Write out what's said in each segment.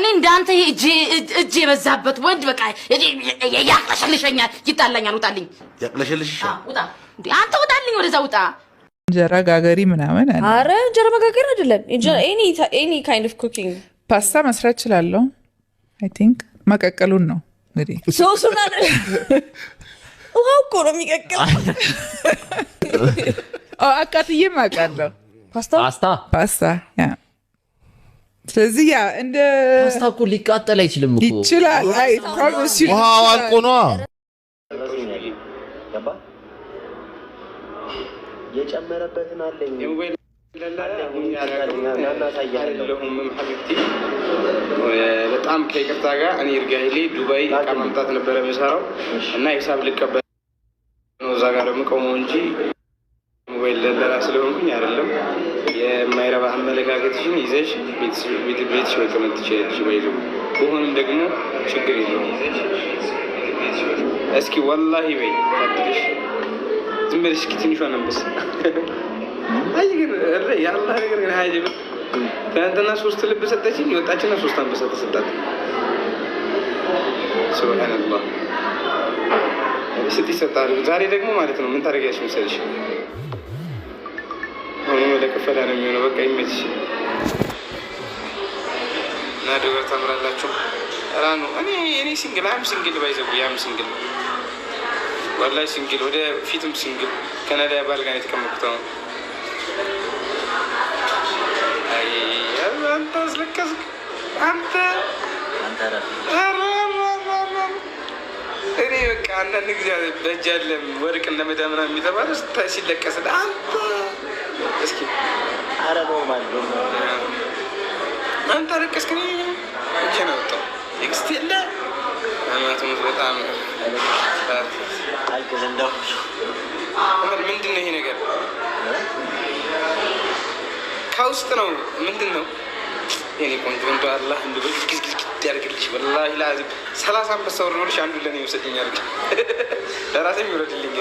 እኔ እንዳንተ እጅ የበዛበት ወንድ በቃ ያቅለሸልሸኛል፣ ይጣላኛል። ውጣልኝ! ያቅለሸልሽ አንተ ውጣልኝ! ወደዛ ውጣ! እንጀራ ጋገሪ ምናምን። አረ እንጀራ መጋገር አይደለም፣ ኤኒ ካይንድ ኦፍ ኩኪንግ። ፓስታ መስራት እችላለሁ። አይ ቲንክ መቀቀሉን ነው እንግዲህ ሶሱን ውሃ እኮ ነው የሚቀቅል። አቃጥዬም አውቃለሁ ፓስታ ፓስታ ስለዚህ ያ እንደ ፓስታ እኮ ሊቃጠል አይችልም እኮ ይችላል። አይ ፕሮሚስ ዩ ውሃ አልቆ ነዋ የጨመረበትን አለኝ በጣም ከይቅርታ ጋር እኔ እርጋ ሄሌ ዱባይ እቃ ማምጣት ነበረ የምሰራው እና ሂሳብ ልቀበል ነው እዛ ጋር ደግሞ ቆሞ እንጂ አመለካከትሽን ይዘሽ ቤትሽ መቀመጥ ትችላለሽ። ባይዞ በሆንም ደግሞ ችግር የለውም። እስኪ ወላሂ በይ ታድልሽ ዝም በልሽ። እስኪ ትንሿን አንበሳ አይ ግን የአላህ ነገር ግን ሀያ ትናንትና ሶስት ልብ ሰጠችኝ። ወጣችና ሶስት አንበሳ ተሰጣት። ሱብሃነላህ ስጥ ይሰጣሉ። ዛሬ ደግሞ ማለት ነው ምን ታደርጊያለሽ መሰለሽ? አሁን ወደ ክፈላ ነው የሚሆነው። በቃ ይመችሽ። እና ናድበር ታምራላችሁ ራኑ እኔ እኔ ሲንግል አም ሲንግል ባይዘቡ ያም ሲንግል ወላ ሲንግል ወደ ፊትም ሲንግል ከናዳ ባል ጋር የተቀመጥኩት ነው። አንተ አስለቀስክ አንተ እኔ በቃ አንዳንድ ጊዜ በእጅ ያለም ወርቅ እንደ መዳምና የሚተባለ ሲለቀስ አንተ እስኪ አረበው ማለት ነው አንተ አለቀስክ። እጄ ነው ወጣው። ቴክስት የለ ማለትም በጣም አልቅስ። እንደው ምንድን ነው ይሄ ነገር? ከውስጥ ነው ምንድን ነው? የኔ ቆንጆ እንደ አላህ እንደ በግዝግዝግድ ያደርግልሽ። ወላሂ ላዚም ሰላሳ አንበሳ ወርዶልሽ አንዱ ለኔ ይውሰድኝ ያርግ ለራሴ የሚውረድልኝ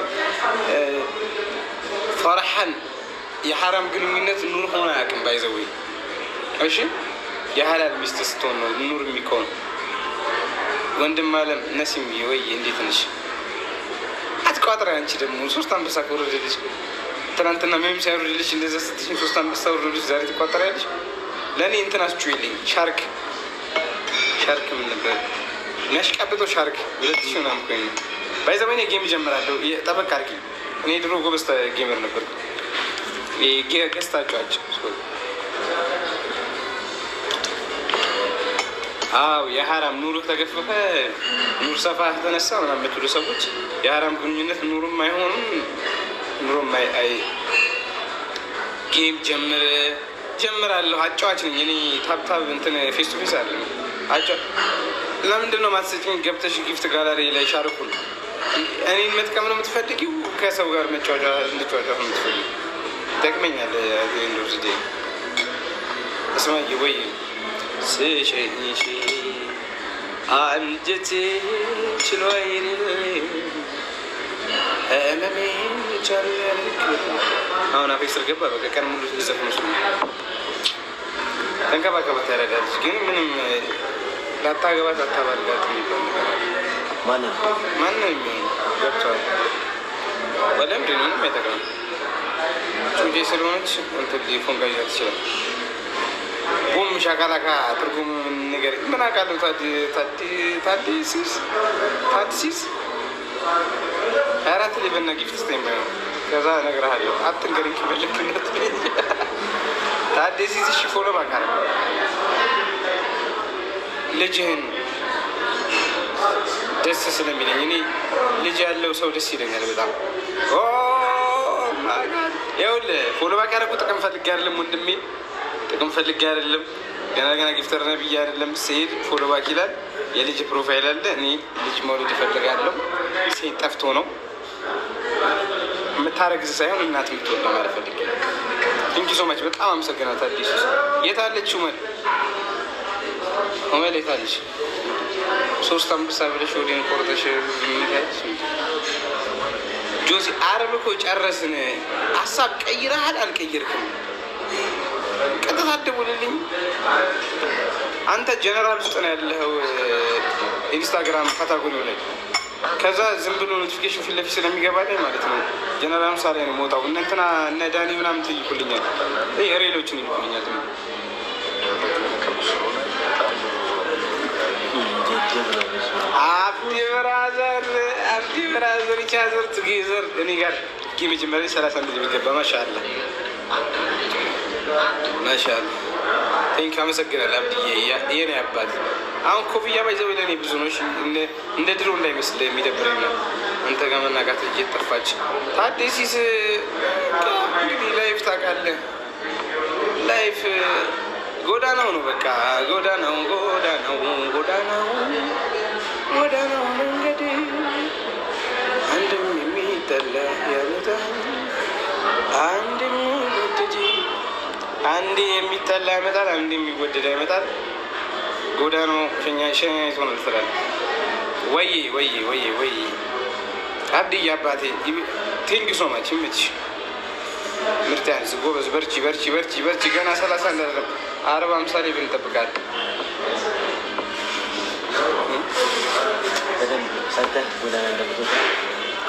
ፈርሐን የሐራም ግንኙነት ኑር ሆነ አያውቅም። ባይዘወይ እሺ የሀላል ሚስት ስትሆን ነው ኑር የሚከውን። ወንድም አለም ነሲም ወይ እንዴት ነሽ? አትቋጥሪ አንቺ ደግሞ ሶስት አንበሳ ከወረደልሽ ትናንትና ሜም ሳይወርድልሽ እንደዛ ስትሽ ሶስት አንበሳ ወረደልሽ ዛሬ ትቋጠሪያለሽ። ለእኔ እንትናችሁ የለኝ ሻርክ ሻርክ ምን ነበር የሚያሽቃብጠው ሻርክ ሁለት ሺ ምናምን ኮይ ነው ባይዘባይን ጌም እጀምራለሁ። ጠበቅ አድርጊ። እኔ ድሮ ጎበዝ ጌመር ነበር ገስታችኋቸው አዎ የሀራም ኑሩ ተገፈፈ ኑር ሰፋ ተነሳ ምናምን የምትሉ ሰዎች የሀራም ግንኙነት ኑሩም አይሆኑም ኑሮም አይ ጌም ጀምር ጀምራለሁ አጫዋች ነኝ እኔ ታብታብ እንትን ፌስ ቱ ፌስ አለ ለምንድን ነው ማትሰጭኝ ገብተሽ ጊፍት ጋላሪ ላይ ሻርኩን እኔን መጥቀም ነው የምትፈልጊው ከሰው ጋር መጫወጫ እንድጫወጫ ነው የምትፈልጊው ይጠቅመኛል ዶርዝዴ እስማዬ ወይ ስሸኝሽ አንጀቴን ችሎ ህመሜ ቻለል አሁን አፌ ስር ገባ። በቃ ቀን ሙሉ ዘፍ ነው ተንከባከባት፣ ግን ምንም ላታገባት አታባልጋት የሚባል ነገር ማንም ማንም የሚሆን በደንብ ስለሆነች እንትን ፎንጋ ጎምሻ ሻካላካ ትርጉም ነገር ምን አውቃለሁ። ታዲሲስ ታዲሲስ አራት ሊበና ጊፍት ስተኝ ባይ ከዛ እነግርሃለሁ። አትንገሪኝ ከፈለክነት ታዲሲስ እሺ። ፎሎ ባካረ ልጅህን ደስ ስለሚለኝ እኔ ልጅ ያለው ሰው ደስ ይለኛል በጣም ይኸውልህ። ፎሎ ባካረ ጥቅም ፈልግ ያለም ወንድሜ ጥቅም ፈልጌ አይደለም። ገና ገና ጊፍተር ነህ ብዬ አይደለም። ስሄድ ፎሎ ባክ ይላል። የልጅ ፕሮፋይል አለ። እኔ ልጅ መውለድ እፈልጋለሁ። ሴት ጠፍቶ ነው የምታረግዝ ሳይሆን እናት የምትወድ ነው ማለት ፈልጌ እንጂ ሶማች በጣም አመሰግናት። አዲሱ የት አለች ኡመል? ኡመል የት አለች? ሶስት አንበሳ ብለሽ ወዲን ቆርጠሽ ሚታለች ጆሲ አረብ እኮ ጨረስን። ሀሳብ ቀይረሃል አልቀይርክም ቀጥታ አትደውልልኝ። አንተ ጀነራል ውስጥ ነው ያለኸው ኢንስታግራም ካታጎሪ ላይ ከዛ ዝም ብሎ ኖቲፊኬሽን ፊት ለፊት ስለሚገባ ላይ ማለት ነው። ጀነራል ምሳሌ ነው መውጣው እነ እንትና እነ ዳኒ ምናምን ትይኩልኛል፣ ሬሎችን ይልኩልኛል። አብዲ ብራዘር አብዲ ብራዘር ቻዘር ትጌዘር እኔ ጋር ጊ መጀመሪያ ሰላሳ እንደዚህ የሚገባ ማሻአላ ማሻል ቴንክ አመሰግናል። አብድዬ የኔ አባት አሁን ኮፍያ ባይዘው ለኔ ብዙ ነው። እንደ ድሮ እንዳይመስል የሚደብረኝ ነው። አንተ ጋር መናጋት ልጅ ታዲሲስ እንግዲህ ላይፍ ታውቃለህ፣ ላይፍ ጎዳናው ነው። በቃ ጎዳናው ጎዳናው ጎዳናው ጎዳናው መንገድ አንድም የሚጠላ ያሉታ አንዴ የሚጠላ ይመጣል፣ አንዴ የሚወደድ ይመጣል። ጎዳናው ሸኛ ይዞ ነው ስላል። ወይ ወይ ወይ ወይ አብድዬ አባቴ ቴንኪ ሶ ማች ይመችሽ። ምርጥ ያንስ ጎበዝ፣ በርቺ በርቺ በርቺ በርቺ። ገና ሰላሳ እንዳደረግ አርባ አምሳ ላይ ብንጠብቃለን።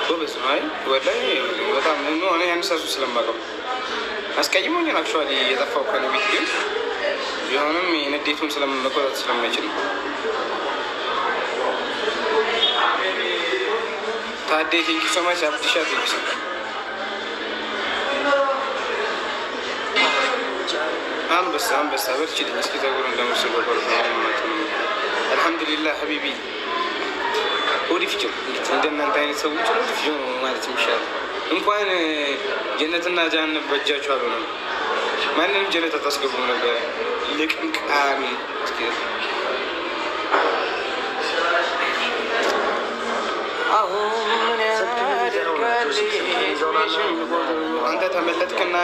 ጎበዝ ነው። አይ ወላሂ በጣም ሆነ ያንሳሱ ስለማቀም አስቀይሞኝ ነው አክቹዋሊ የጠፋው ከቤት ግን ቢሆንም ንዴቱም ስለመቆጣት ስለማይችል ታዴ ቴንኪ ሶማች አብዲሻ ቴንኪ አንበሳ አንበሳ በርቺ እስኪ ጸጉር እንደምስል አልሐምዱሊላህ ሀቢቢ ወዲፍጭም እንደናንተ አይነት ሰዎች ወዲፍጭ ማለት የሚሻለው እንኳን ጀነትና ጃን በእጃችሁ አሉ ነው። ማንንም ጀነት አታስገቡም ነበር። ልቅምቃሚ አንተ ተመለጥክና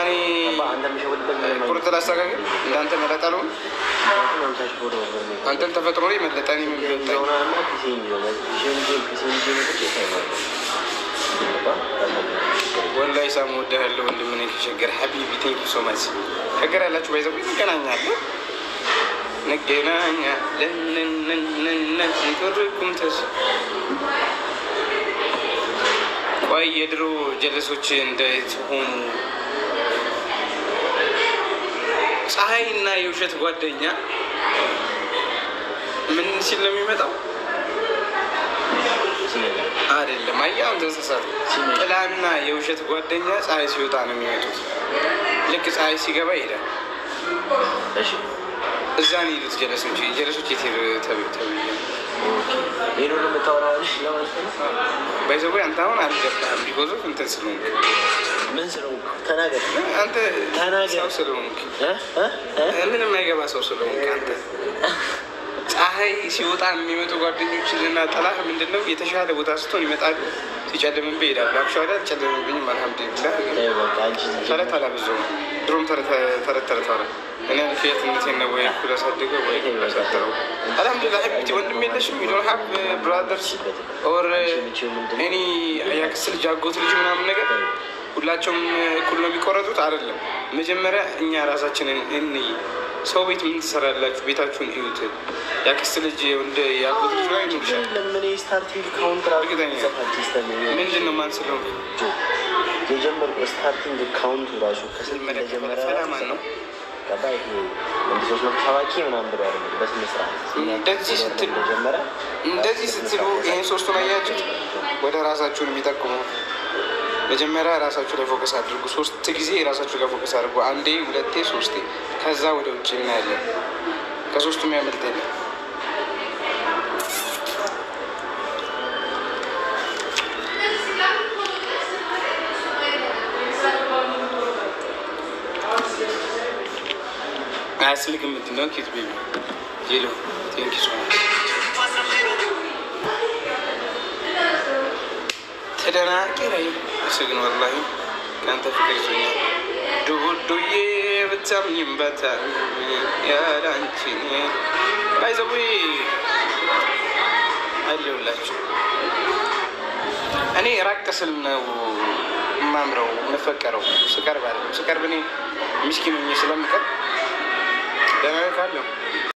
ቁርጥ ላስተካክል እንዳንተ መለጣሉ አንተን ተፈጥሮ መለጠን የሚመጣ ወላይ ሳም ወዳለሁ ወንድምን የተቸገረ ሀቢቢ ቴንክ ሶ ማች ሀገር ያላችሁ ባይዘው እንገናኛለን እንገናኛለን። ይቶርኩም ተስ ቆይ የድሮ ጀለሶች እንዴት ሆኑ? ፀሐይ እና የውሸት ጓደኛ ምን ሲል ነው የሚመጣው? አይደለም። አያት እንስሳት ጥላና የውሸት ጓደኛ ፀሐይ ሲወጣ ነው የሚመጡት። ልክ ፀሐይ ሲገባ ይሄዳል። እዛ ነው የሄዱት ጀለሶች። ጀለሶች የት ሄዱ ተብዬ ባይዘቦ አንተ አሁን አልገባህም። ቢጎዞ እንትን ስለሆንክ ምን ስለሆንክ ተናገር። አንተ ሰው ስለሆንክ ምንም አይገባ ሰው ስለሆንክ አንተ ፀሐይ ሲወጣ የሚመጡ ጓደኞች እና ጠላህ ምንድን ነው የተሻለ ቦታ ስትሆን ይመጣሉ፣ ሲጨልምብህ ይሄዳሉ። አክቹዋሊ አልጨልምብኝም፣ አልሐምዱሊላህ። ተረት አላበዛሁም። ድሮም ተረት ተረት አለ። እኔ ፊያትነቴን ነው ወይ እኩል ወይ እኩል አሳድረው። አልሐምዱሊላህ። ሀቢብቲ ወንድም የለሽም? ዩ ዶንት ሀቭ ብራዘርስ ኦር ኤኒ ያክስ ልጅ አጎት ልጅ ምናምን ነገር ሁላቸውም እኩል ነው የሚቆረጡት? አይደለም። መጀመሪያ እኛ ራሳችንን እንይ ሰው ቤት ምን ትሰራላችሁ? ቤታችሁን እዩት። ያክስት ልጅ ወንድ ያቁት ልጅ ነው ስታርቲንግ ካውንቱ ራሱ እንደዚህ ስትሉ ይህን ሶስቱን አያችሁት ወደ ራሳችሁን የሚጠቅሙ መጀመሪያ ራሳችሁ ላይ ፎከስ አድርጉ። ሶስት ጊዜ ራሳችሁ ጋር ፎከስ አድርጉ። አንዴ፣ ሁለቴ፣ ሶስቴ። ከዛ ወደ ውጭ እናያለን። ከሶስቱም ያመልጥ የለም። አያስልክ የምትለው ኬት ቤቢ ሌሎ ቴንኪ ተደናቂ ላይ ስግን ወላሂ ከአንተ ፍቅር ይዞኛል። ዱዱዬ ብታምኝም በታል ያለ አንቺ ባይዘዊ አለሁላችሁ። እኔ ራቅ ስል ነው የማምረው የምፈቀረው ስቀርብ አለ ስቀርብ እኔ ምስኪን ስለምቀር ስለምቀርብ